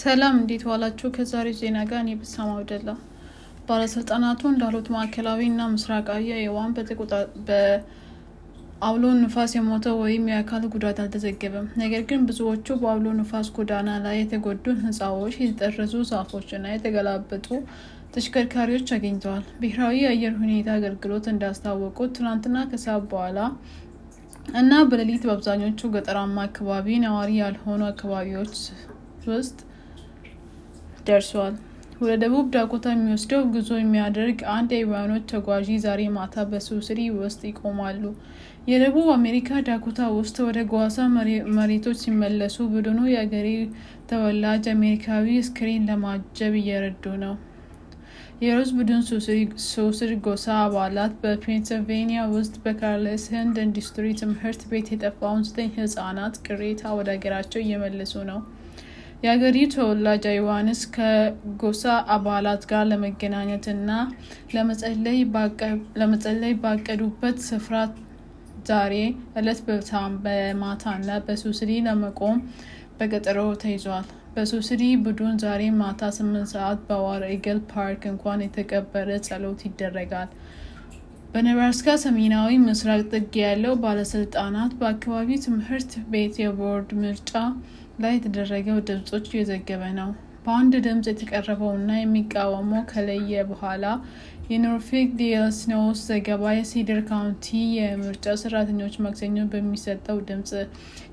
ሰላም እንዴት ዋላችሁ? ከዛሬው ዜና ጋር እኔ ብሳም አብደላ። ባለስልጣናቱ እንዳሉት ማዕከላዊ እና ምስራቃዊ አይዋን በአውሎ ንፋስ የሞተ ወይም የአካል ጉዳት አልተዘገበም። ነገር ግን ብዙዎቹ በአውሎ ንፋስ ጎዳና ላይ የተጎዱ ህንፃዎች፣ የተጠረዙ ዛፎች እና የተገላበጡ ተሽከርካሪዎች ተገኝተዋል። ብሔራዊ የአየር ሁኔታ አገልግሎት እንዳስታወቁት ትናንትና ከሰዓት በኋላ እና በሌሊት በአብዛኞቹ ገጠራማ አካባቢ ነዋሪ ያልሆኑ አካባቢዎች ውስጥ ደርሷል። ወደ ደቡብ ዳኮታ የሚወስደው ጉዞ የሚያደርግ አንድ የአይሁዳኖች ተጓዢ ዛሬ ማታ በሱስሪ ውስጥ ይቆማሉ። የደቡብ አሜሪካ ዳኮታ ውስጥ ወደ ጓሳ መሬቶች ሲመለሱ ቡድኑ የአገሬ ተወላጅ አሜሪካዊ ስክሪን ለማጀብ እየረዱ ነው። የሮዝ ቡድን ሱስሪ ጎሳ አባላት በፔንስልቬኒያ ውስጥ በካርለስ ህንድ ኢንዱስትሪ ትምህርት ቤት የጠፋውን ዘጠኝ ህጻናት ቅሬታ ወደ ሀገራቸው እየመለሱ ነው። የአገሪቱ ተወላጅ አይዋንስ ከጎሳ አባላት ጋር ለመገናኘትና ለመጸለይ ባቀዱበት ስፍራ ዛሬ እለት በታም በማታና በሱስሪ ለመቆም በቀጠሮ ተይዟል። በሱስሪ ቡድን ዛሬ ማታ ስምንት ሰዓት በዋር ኢግል ፓርክ እንኳን የተቀበረ ጸሎት ይደረጋል። በነብራስካ ሰሜናዊ ምስራቅ ጥግ ያለው ባለስልጣናት በአካባቢው ትምህርት ቤት የቦርድ ምርጫ ላይ የተደረገው ድምጾች እየዘገበ ነው። በአንድ ድምፅ የተቀረበውና የሚቃወመው ከለየ በኋላ የኖርፌክ ዴይሊ ኒውስ ዘገባ የሲደር ካውንቲ የምርጫ ሰራተኞች ማክሰኞ በሚሰጠው ድምፅ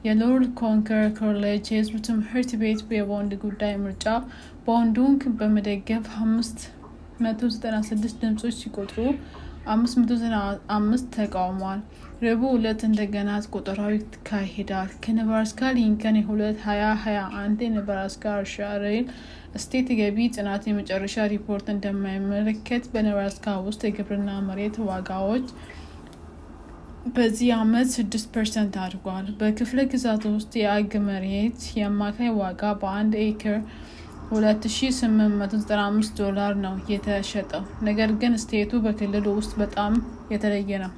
የሎርድ ኮንከር ኮሌጅ የህዝብ ትምህርት ቤት የቦንድ ጉዳይ ምርጫ ቦንዱን በመደገፍ 596 ድምጾች ሲቆጥሩ 595 ተቃውሟል። ረቡዕ ዕለት እንደገና ቆጠራው ይካሄዳል። ከኔብራስካ ሊንከን የ2021 የኔብራስካ እርሻ ሬል ስቴት ገቢ ጥናት የመጨረሻ ሪፖርት እንደማይመለከት በኔብራስካ ውስጥ የግብርና መሬት ዋጋዎች በዚህ ዓመት 6 ፐርሰንት አድጓል። በክፍለ ግዛት ውስጥ የአግ መሬት የአማካይ ዋጋ በአንድ ኤክር 2895 ዶላር ነው የተሸጠው። ነገር ግን ስቴቱ በክልሉ ውስጥ በጣም የተለየ ነው።